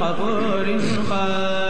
غفور خالد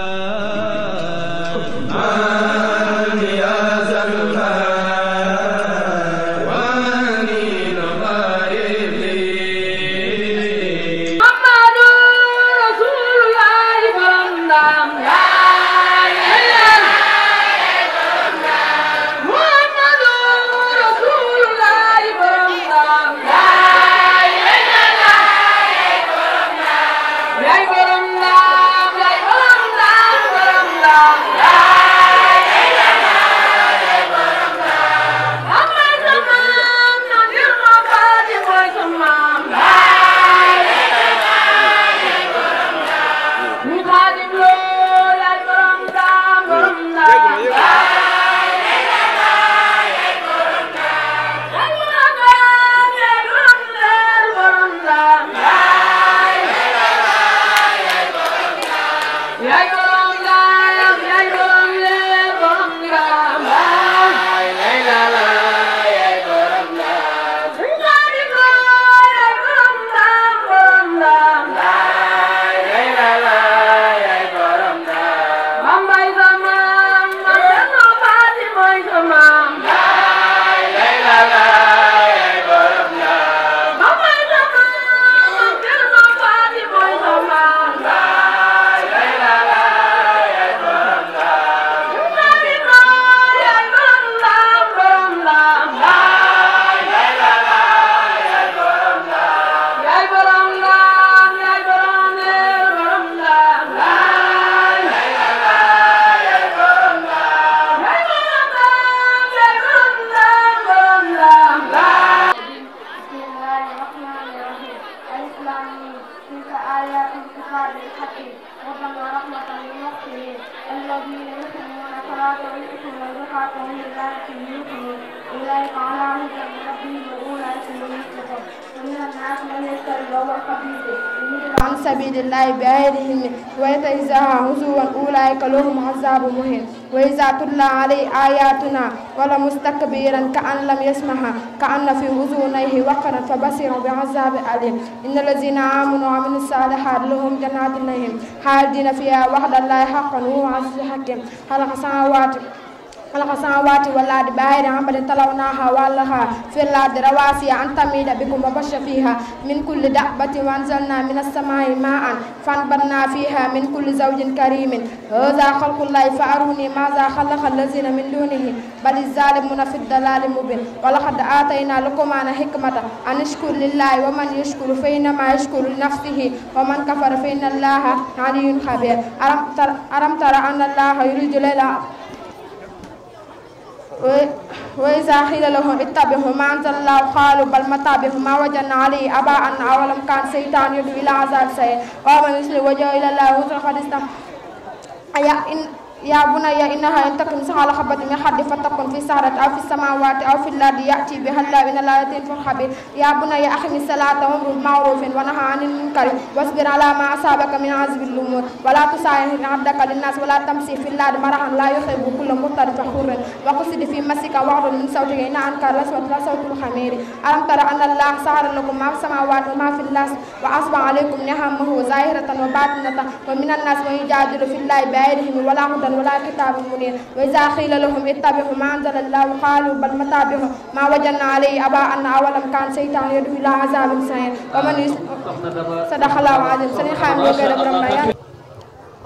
عن سبيل الله وإذا إذا هزوا أولئك لهم عذاب مهين وإذا تتلى عليه آياتنا ولا مستكبرا كأن لم يسمعها كأن في أذنيه وقرا فبصر بعذاب أليم إن الذين آمنوا وعملوا الصالحات لهم جنات النعيم خالدين فيها وحد الله حقا وهو عزيز حكيم خلق السماوات خلق السماوات والأرض بغير عمل تلوناها والها في الأرض رواسي أن تميد بكم وبش فيها من كل دابة وأنزلنا من السماء ماء فانبرنا فيها من كل زوج كريم هذا خلق الله فأروني ماذا خلق الذين من دونه بل الظالمون في الضلال مبين ولقد آتينا لقمان حكمة أن اشكر لله ومن يشكر فإنما يشكر لنفسه ومن كفر فإن الله غني خبير ألم تر أن الله يريد ليلة وإذا قيل لهم اتبعوا ما أنزل الله قالوا بل متبعوا ما وجدنا عليه أن أولم كان سيطان يدعو إلى عذاب سعير ومن يسلم وجهه إلى الله فقد استحيا يا بني إنها إن تكن سهل خبة من حد فتكن في سهرة أو في السماوات أو في الأرض يأتي بها الله من الآيات فالخبير يا بني أخم الصلاة وأمر بالمعروف ونهى عن المنكر واصبر على ما أصابك من عذاب الأمور ولا تساهل عبدك للناس ولا تمسي في الأرض مرحا لا يخيب كل مضطر فخور وقصد في مسك وعر من صوتك إن أنكر لصوت لصوت الخمير ألم ترى أن الله سهر لكم ما في السماوات وما في الأرض وأصبح عليكم نهمه ظاهرة وباطنة ومن الناس من يجادل في الله بغيرهم ولا هدى ولا كتاب منير وإذا خيل لهم اتبعوا ما أنزل الله قالوا بل نتبع ما وجدنا عليه آباءنا أولم كان شيطان يدعو إلى عذاب السعير ومن صدق الله العظيم سنخام وغير برمنا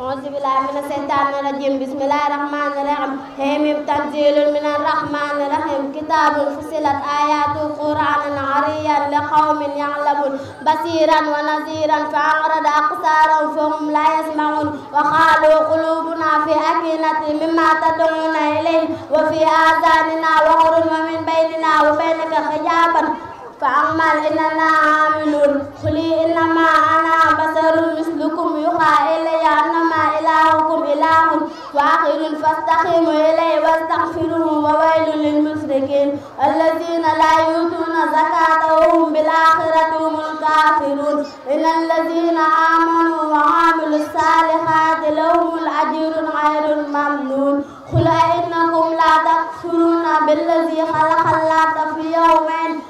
أعوذ بالله من الشيطان الرجيم بسم الله الرحمن الرحيم هم تنزيل من الرحمن الرحيم كتاب فصلت آياته قرآنا عريا لقوم يعلمون بصيرا ونذيرا فأعرض أقصارهم فهم لا يسمعون وقالوا قلوبنا في أكنة مما تدعون إليه وفي آذاننا وقر ومن بيننا وبينك حجابا فأعمل إننا عاملون قل إنما أنا بشر مثلكم يوحى إلي أنما إلهكم إله واحد فاستقيموا إليه واستغفروه وويل للمشركين الذين لا يؤتون زكاة وهم بالآخرة هم الكافرون إن الذين آمنوا وعملوا الصالحات لهم الأجر غير الممنون قل إنكم لا تكفرون بالذي خلق الله في يومين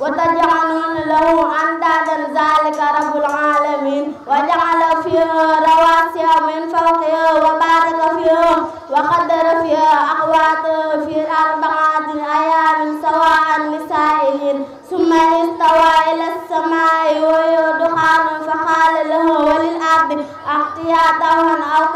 وتجعلون له عندادا ذلك رب العالمين وجعل فيه رواسي من فوقه وبارك فيه وقدر فيه أقواته في أربعة أيام سواء لسائلين ثم استوى إلى السماء وهي دخان فقال له وللأرض أحتياطا أو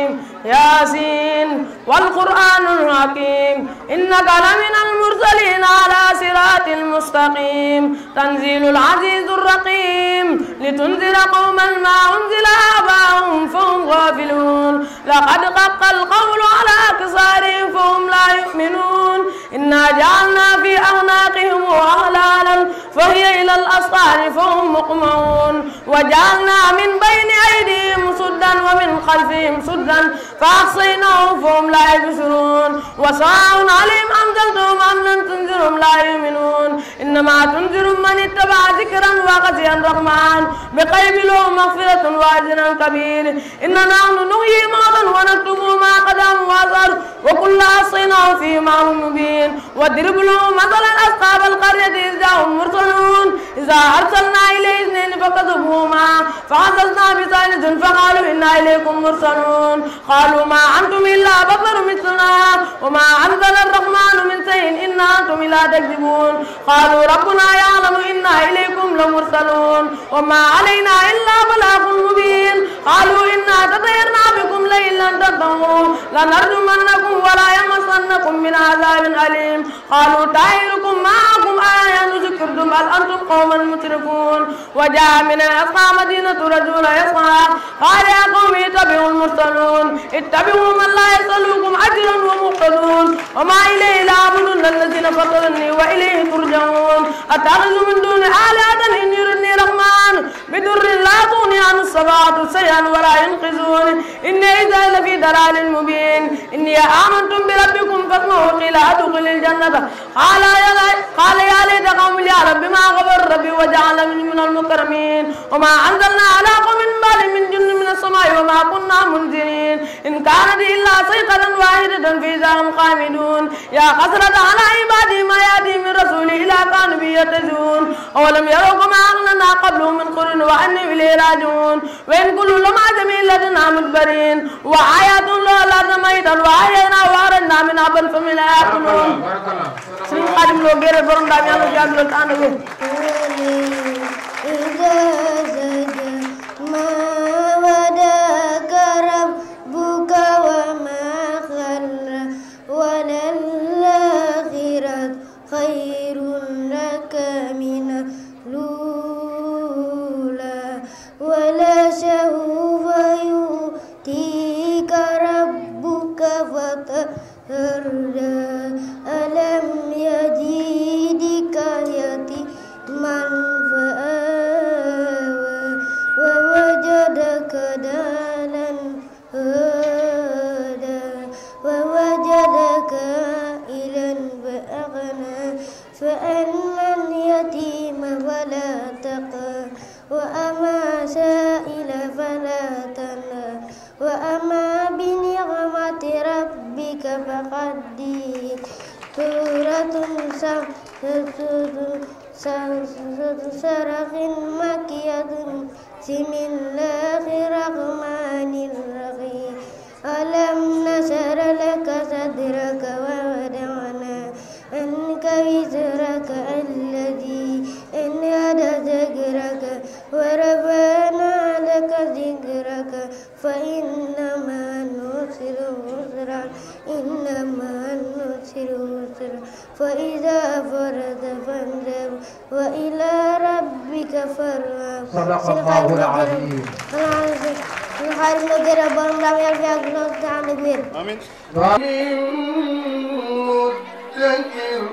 ياسين والقرآن الحكيم إنك لمن المرسلين على صراط المستقيم تنزيل العزيز الرقيم لتنذر قوما ما أنزل آباؤهم فهم غافلون لقد قق القول على أكثرهم فهم لا يؤمنون إنا جعلنا في أعناقهم أهلالا فهي إلى الأسفار فهم مقمعون وجعلنا من بين أيديهم سدا ومن خلفهم سدا فأحصيناهم فهم لا يبصرون وسواء عليهم أنذرتهم أم لم تنذرهم لا يؤمنون إنما تنذر من اتبع ذكرا وغزي الرحمن بقيم له مغفرة وأجر كبير إننا نحن نغيي موتا ونكتب ما قدم وأثر وكل أصيناه في إمام مبين واضرب له مثلا أصحاب القرية إذ جاءهم مرسلون إذا أرسلنا إليه اثنين فكذبهما فعززنا بثالث فقالوا إنا إليكم مرسلون قالوا ما أنتم إلا بطر مثلنا وما أنزل الرحمن من شيء إن أنتم لا تكذبون قالوا ربنا يعلم إنا إليكم لمرسلون وما علينا إلا بلاغ مبين قالوا إنا تطيرنا بكم لئن لم تنتهوا لنرجمنكم ولا يمسنكم من عذاب أليم قالوا تعيركم معكم آية ذكرتم بل أنتم قوما مشركون وجاء من أصحى مدينة رجل يسعى قال يا قوم اتبعوا المرسلون اتبعوا من لا يسألكم أجرا ومقتدون وما إليه لا يقتلون الذين فطرني وإليه ترجعون أتعرض من دون آلهة إن يردني رحمن بدر لا تغني عن السماوات سيئا ولا ينقذون إن إذا لفي دلال مبين إني آمنتم بربكم فاسمعوا قيل أدخل الجنة قال يا قال يا ليت قوم يا رب ما غفر ربي وجعلني من المكرمين وما أنزلنا على قوم من بال من جن من السماء وما كنا منزلين إن كانت إلا صيقة واحدة في زام قامدون يا حسرة على عبادي ما يأتي من رسول إلا كان به يتزون أولم يروق ما أغننا قبل من قرن وأني إليه راجون وإن كل لما جميل لدنا مدبرين وآيات الله الأرض ميتا وآياتنا وأردنا من أبل فمن يأكلون سيد خادم لو غير فرن داميانو جاغلو تانو إذا زاد ما ودك ربك وما yeah. سرغ مكيد سمين رب العالمين نحار المدير ربهم لم يرفع قلوبنا عن المير آمين مدكر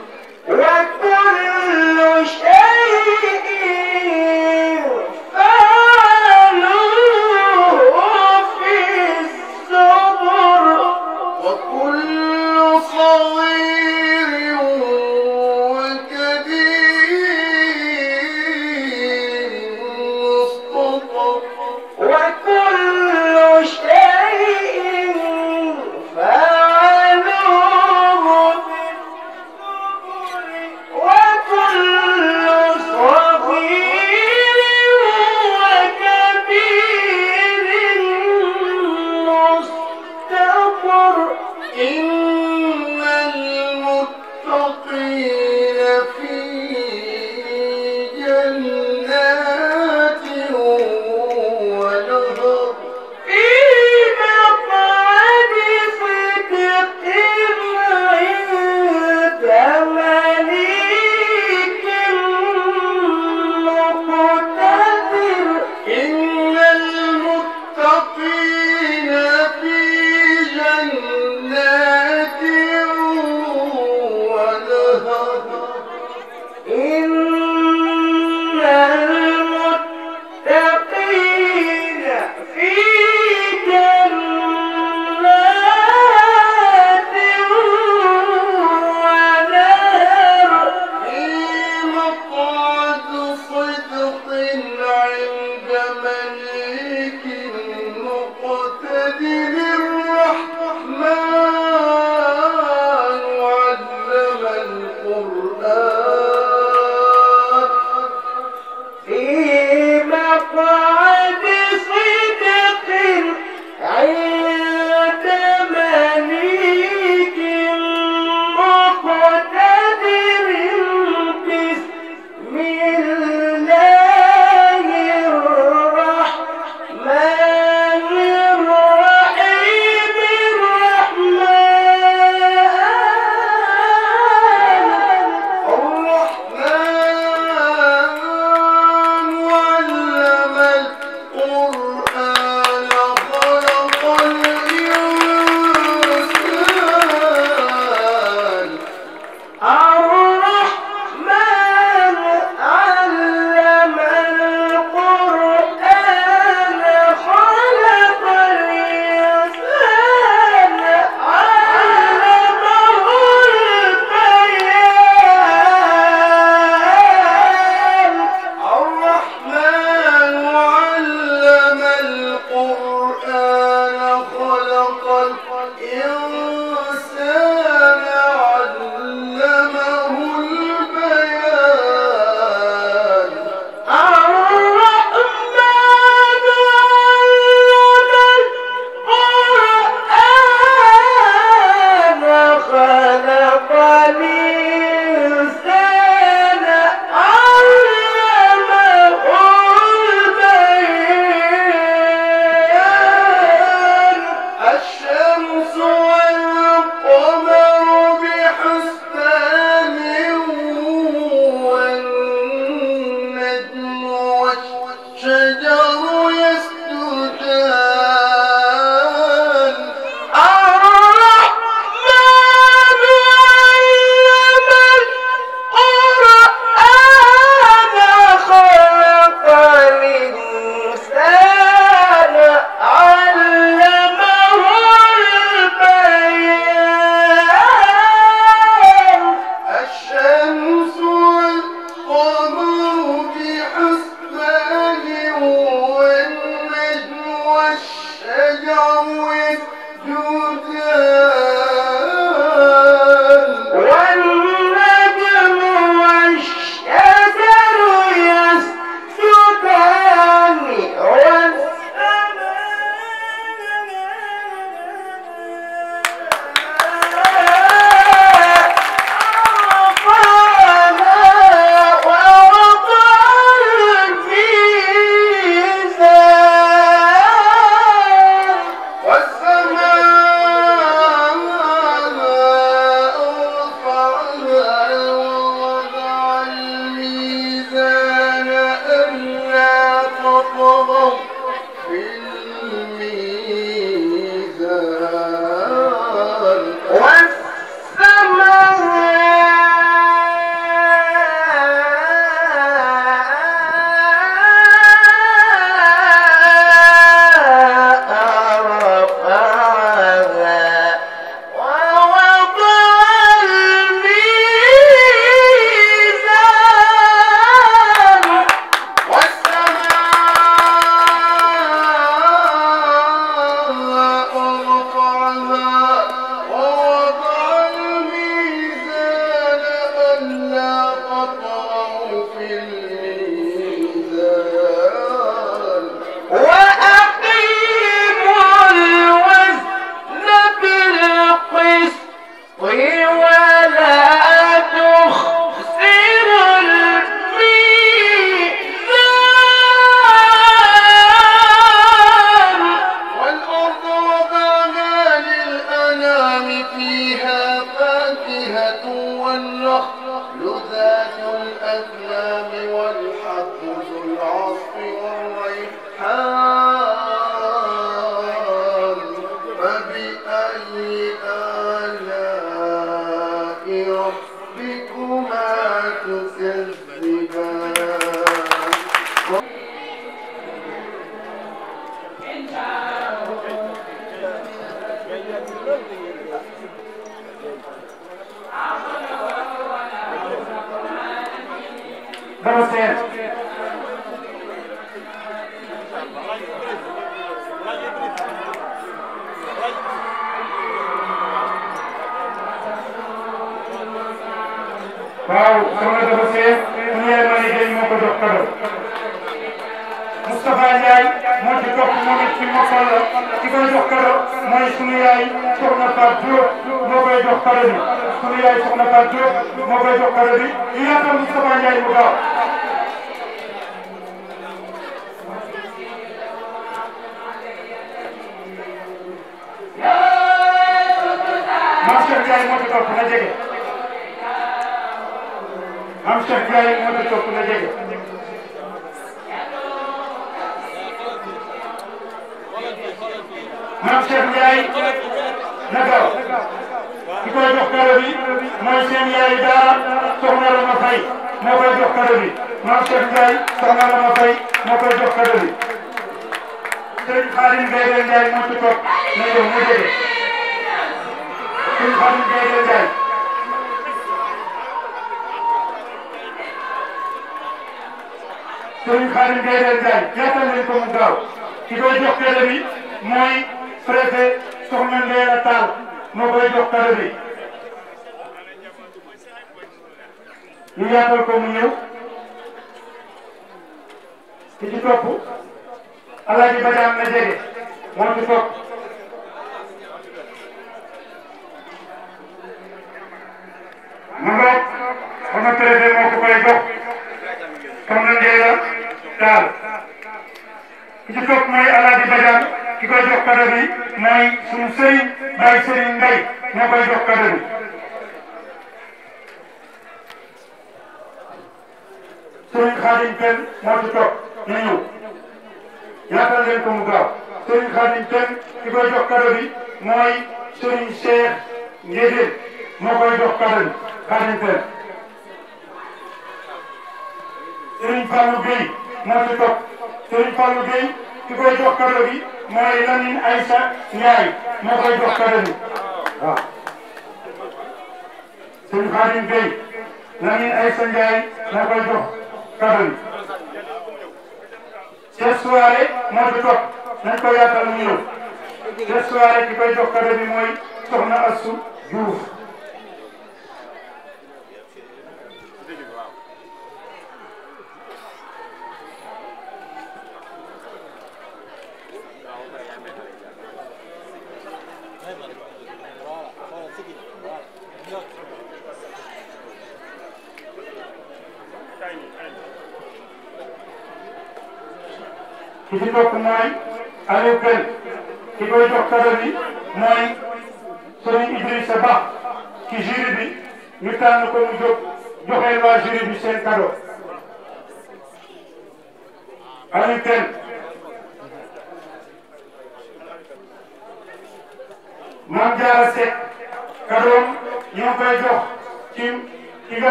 loola dafa fees Souleymane Malick Gueye moo ko jox kado Moustapha Ndiaye moo ci topp moom it ci mokkal la ki koy jox kado mooy sunu yaay soxna Pape Diop moo koy jox kado bi sunu yaay soxna Pape Diop moo koy jox kado bi ñu yaatal Moustapha Ndiaye bu gaaw Master Ndiaye moo ci topp na jege maam Cheikh Ibrahima moo ci topp na jege maam Cheikh Ndiaye na gaaw ki koy jox kàlla bi mooy seen yaay daara soxna la ma fay moo koy jox kàlla bi maam Cheikh Ndiaye soxna la ma fay moo koy jox kàlla bi sëñ Xaadim Gaye Ndiaye moo ci topp na jege mu jege sëñ Xaadim Gaye Ndiaye Serigne Khadim Gaydel Ndiaye jaatal leen ko mu gaaw ki koy jox kàddu bi mooy préfet Soxna Ndéla Tall moo koy jox kàddu ko mu ñëw ki ci topp El Hadj Badiane na jege moo ci suñu sëriñ Baye Sëriñ Ndey moo koy jox kàddu bi sëriñ Xaadim Pène moo ci toog ñu ñëw yaatal leen ko mu gaaw sëriñ Xaadim Pène ki koy jox kàddu bi mooy sëriñ Cheikh Ngédé moo koy jox kàddu bi Xaadim Pène sëriñ Fallou Gueye mooy Lamine Aïssa Ndiaye moo koy jox kàddu gi waaw. Ah. sëñ Khadim Bey Lamine Aïssa Ndiaye moo koy jox kàddu gi. ce soirée moo ci topp nañ ko yaatal mu ñëw ce soirée ki koy jox kàddu gi mooy soxna Asou Diouf.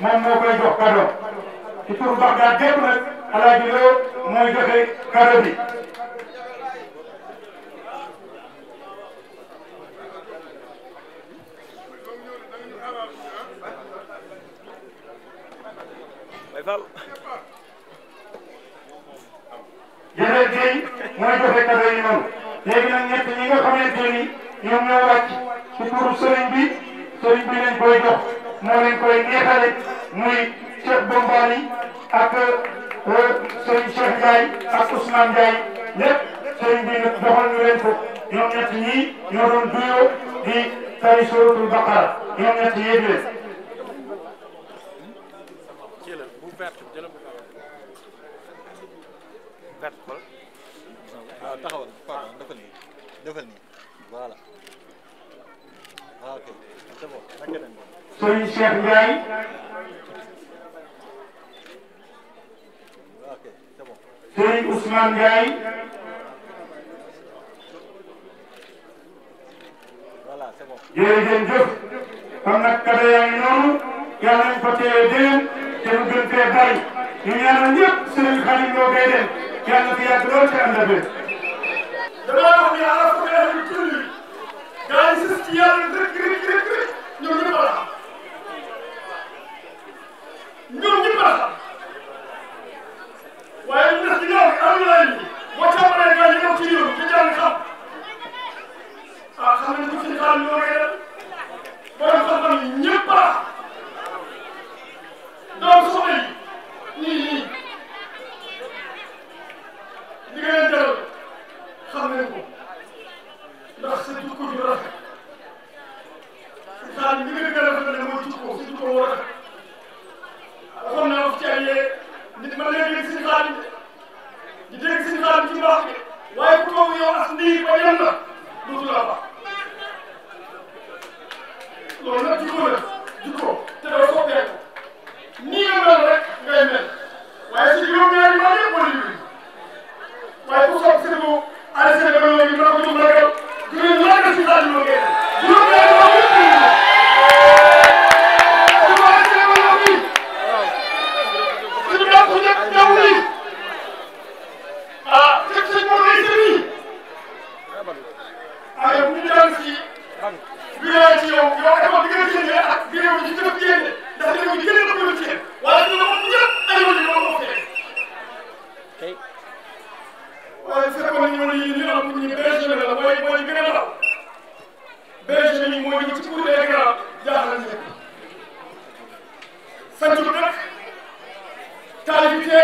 moom moo koy jox kado ci turu Bagdad gépp nag alaaji loo mooy joxe kado bi jërëjëf Guèye mooy joxe kado yi noonu léegi nag ñett ñi nga xamante ni ñoom ñoo wàcc ci turu sëriñ bi sëriñ bi lañ koy jox. moo leen koy neexale muy Cheikh Bombali ak euh, Serigne Cheikh Ndiaye ak Ousmane Ndiaye lépp Serigne bi doxal ñu leen ko ñoom ñett ñii ñoo doon duyoo di tari suratul Baqara ñoom ñett yéeg Serigne Cheikh Ndiaye Serigne Ousmane Ndiaye jërëjëf jëf kon nag kada yaa ngi noonu yàlla nañ ko teewee déwén te mu gën fee bari ñu ñaanal ñëpp Serigne Khadim Lo koy dem yàlla fi ñoom ñëpp la xam waaye ñu des ci ñoom amuñu yi ñëw ci ci jàng xam ah xam nañ ko suñu xaal ñoo koy def borom xam-xam yi ñëpp la doom soxna yi ñii ñii li ndax sa jukko ju rafet xaal li nga gën a rafet mooy jukko sa jukko nit mën na dégg suñu xaalis di dégg suñu xaalis ci mbaax bi waaye ku toog yow as ndiir ba yem la dootu la baax loolu te doo soppee ko nii nga mel rek ngay mel waaye si yow ñaari maa yëpp wala yëpp waaye ku sopp si ko arrêté na ba loolu ñu mën ko jëm ragal juróomi laaj la si xaalis loolu ngay def juróomi laaj la ñëw di def yéen ndax dina ko gën a bëgg ci yéen waaye dina ko ñëpp ay wala dina ko fekk waaye fekkoon nañu ne yéen li nga xam ne bergerie la mooy mooy gën a daw bergerie mooy ñëw ci pour les grands jaaxal ñëpp sant bi nag taalif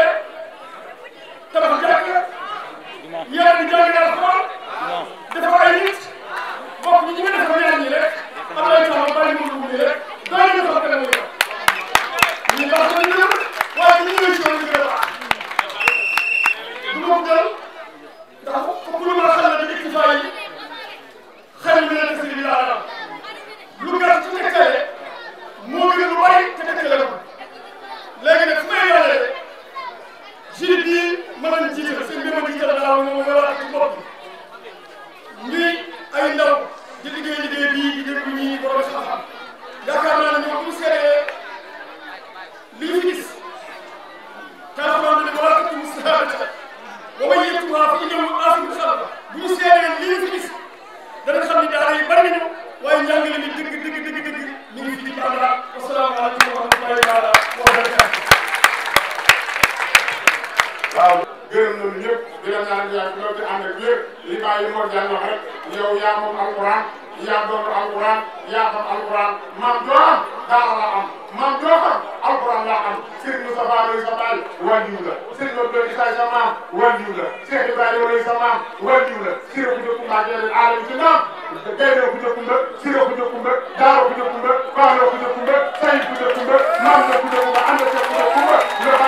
waaw gërëm nañu ñëpp gërëm naa ne yaa ngi doon te ànd ak lépp li bàyyi Mor Diagne wax rek yow yaa moom alquran yaa doon alquran yaa xam alquran maam joo am daara am maam joo xam alquran laa am Serigne Moussa Ba lay sa baay wàlliw la Serigne Abdoulaye Issa sa maam wàlliw la Cheikh Ibrahima lay sa maam wàlliw la Serigne Moussa Ba Gaynde Kouthia Koumba Siré Kouthia Koumba Daaro Kouthia Koumba Baalo Kouthia Koumba Sayid Kouthia Koumba Mamna Kouthia Koumba Anda Seck Kouthia Koumba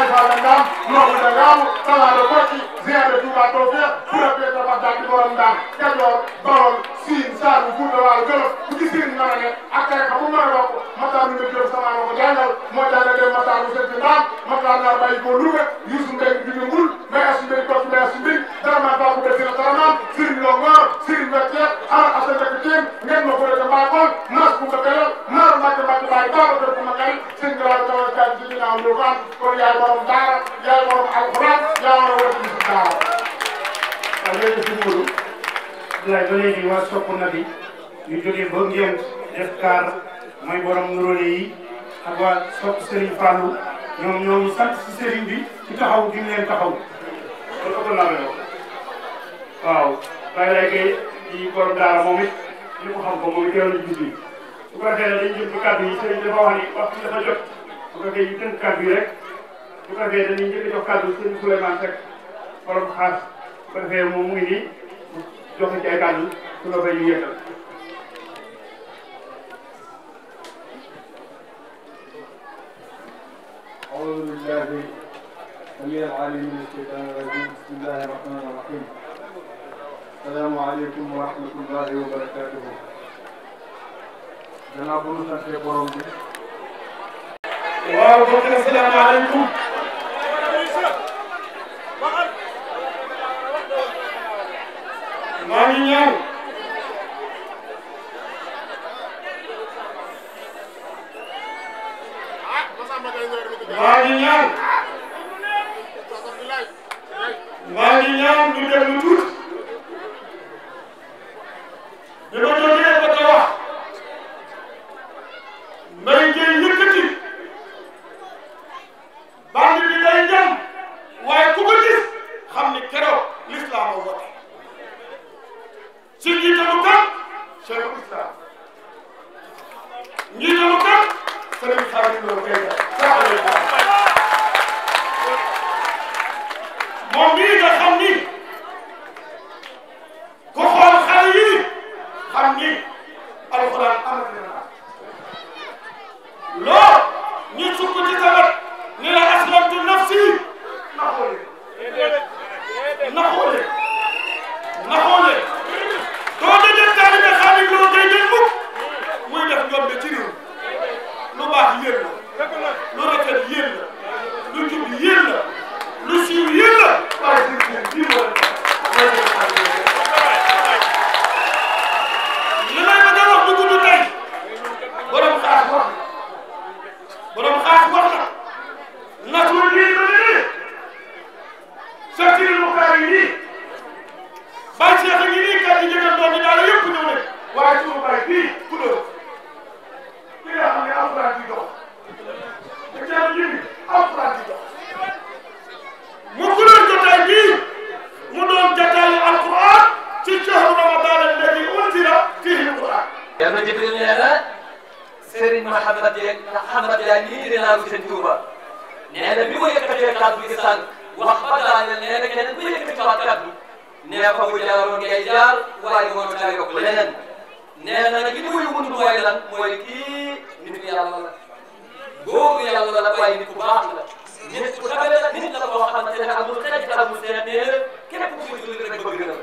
le Baye Fall Ndam Noobu da Ngaamu Salaalo Koki Ziyaare Touba Tawfeex Pura Peta Bagdad Borom Ndam Kajoor Bawol siin saalum Fuuta Waalo Jolof bu ci sëriñ mën a ne ak tarixa bu mën a bokk Matar Ndumbe Diop sama ma ko jàngal moo jàngal dem Matar bu sëriñ Ndaam Matar Naar bàyyi ko Louga Youssou Mbengue bi ñu ngul may asu mbéy topp may asu mbéy dara maa baax bu desina dara maam sëriñ Longoor sëriñ Bekkeet ala asa nekk teen ngeen ma ko rek mbaa kon nas bu ko kayal naar mbàkke mbàkke bàyyi baaba ko ma kay sëriñ Ndaam tawa kaay ci ginnaaw lu ko am kon yaay borom daara yaay borom alxuraan Abdoulaye ba léegi waa sopp na bi ñu jógee ba def kaar mooy borom nuróole yi ak waa sopp Serigne Fallou ñoom ñoo sant si Serigne bi ci taxaw gi mu taxaw loolu ëpp naa la waaw bàyyi lay kay di borom daara moom it ñu ko xam ko moom teewlu yi su ko defee dañu jëm ci kàddu yi Serigne dafa wax ni waxtu dafa jot su ko defee ñu tënk kàddu yi rek su ko defee dañuy njëkk a jox kàddu Serigne Souleymane Seck borom xaas su ko defee moom mu joxe ci ay kàddu su nga fay ñu yëngal أعوذ بالله السميع العليم من الشيطان الرجيم بسم الله الرحمن الرحيم السلام عليكم ورحمة الله وبركاته danaa bu nu sante borom bi waaw bokk asalaamaaleykum caminhando. nee fa mu jaaroon ngay jaar waaye waroon naa nee na nag li muy wund mooy kii nit yàlla la góor yàlla la waaye nit ku baax la nit ku tabe la nit la boo xamante ne amul xeet te nee na képp ku muy julli rek bëgg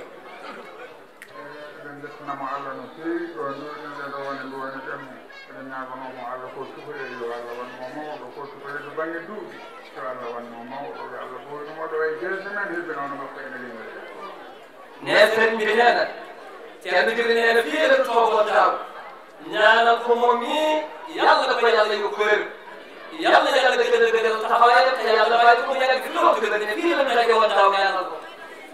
nee sëriñ bi nee na kenn gi nee na fii la toogoon daaw ñaanal ko moom mii yàlla ko yàlla yu ko wér yàlla yàlla dëgg dëggal taxawaayam te yàlla bàyyi ko mu ñaan gi toog dëgg ne fii la ñu daje woon daaw ñaanal ko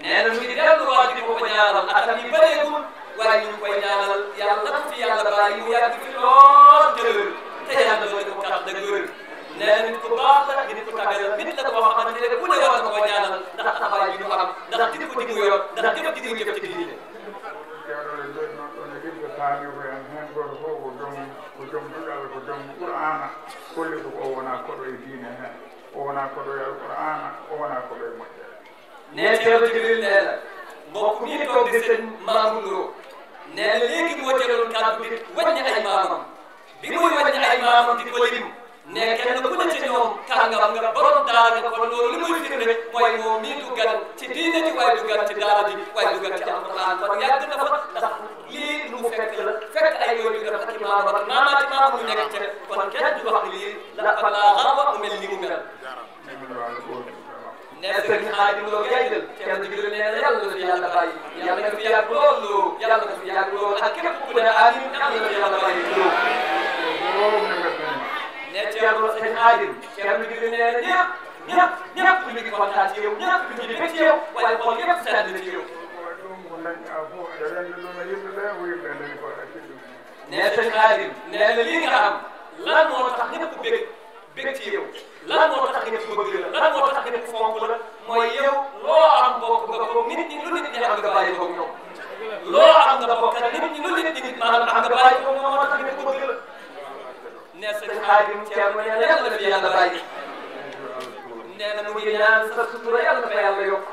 nee na mu ngi dellu waa ji ko ko ñaanal atam yi bëreegul waaye ñu ngi koy ñaanal yàlla nag fi yàlla bàyyi mu yàgg fi lool dëgër te yàlla dëgg ko tax dëgg wér nee na nit ku baax la nit ku tabe la nit la koo xamante ne ku ne war na koo ñaanal ndax taxawaay bi mu am ndax jikko ji mu yor ndax jëf ji muy jëf ci diine kaani ko en heen goto fof ko joom ko joom duɗal ko joom qur'ana kolli ko o wona koɗo e diine heen o wona koɗo e alqur'ana o wona koɗo e moƴƴere ne tewtigi xaadim nee na lii nga am lan moo tax ñëpp bég bég ci yow lan moo tax ñëpp bëgg la lan moo tax ñëpp fonk la mooy yow loo am bokk nga ko nit ñi lu nit ñi am nga bàyyi ko ñoom loo am nga bokk te nit ñi lu nit ñi maanaam am nga bàyyi ko ñoom moo tax ñëpp bëgg la ne sëñ xaadim Thierno nee na yàlla fi yàlla bàyyi nee na mu ngi ñaan sa sutura yàlla fa yàlla yokk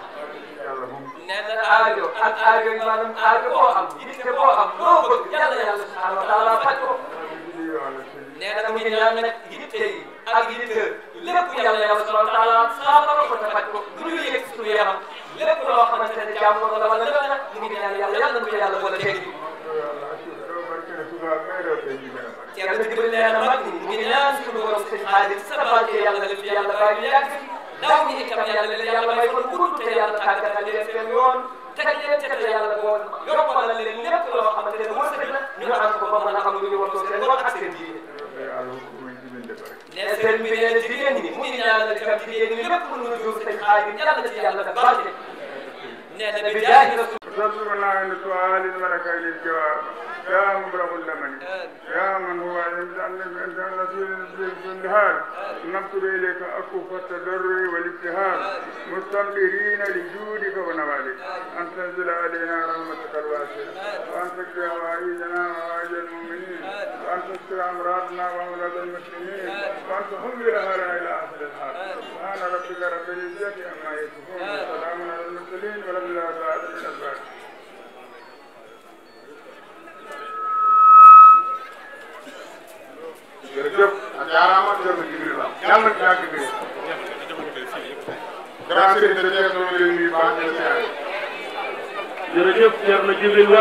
nee na aajo ak aajo yi maanaam aajo boo am تبوها نوبك يلا يلا سبحانه وتعالى فاتو نانا مو نانا جيتي ak yitte lépp yàlla yàlla subhanahu wa taala saafara ko tafaj ko du ñu yëg suñu yaram lépp loo xamante ne jàmm la wala la mu ngi ñaan yàlla yàlla nañu ko yàlla boole teg yàlla digal nee na mag mu ngi ñaan suñu borom sëñ xaalis sa barke yàlla def yàlla bàyyi yàgg ndaw ñi itam yàlla yàlla may ko gudd te yàlla tàggatal leen seen yoon tegal leen tegal yàlla bool yombal من الجود فبنوالك أن تنزل علينا رحمتك الواسعة وأن تكفي هوائجنا وهوائج المؤمنين وأن تستر أمراضنا وأمراض المسلمين وأن تحمل هذا إلى آخر الحال سبحان ربك رب العزة أما يصفون وسلام على المرسلين ولم لا بعد من الباقي Jangan macam ni juga. Jangan macam ni juga. grand Serigne de Thierno ñoo ngi leen di nuyu baax jërëjëf Thierno Djibril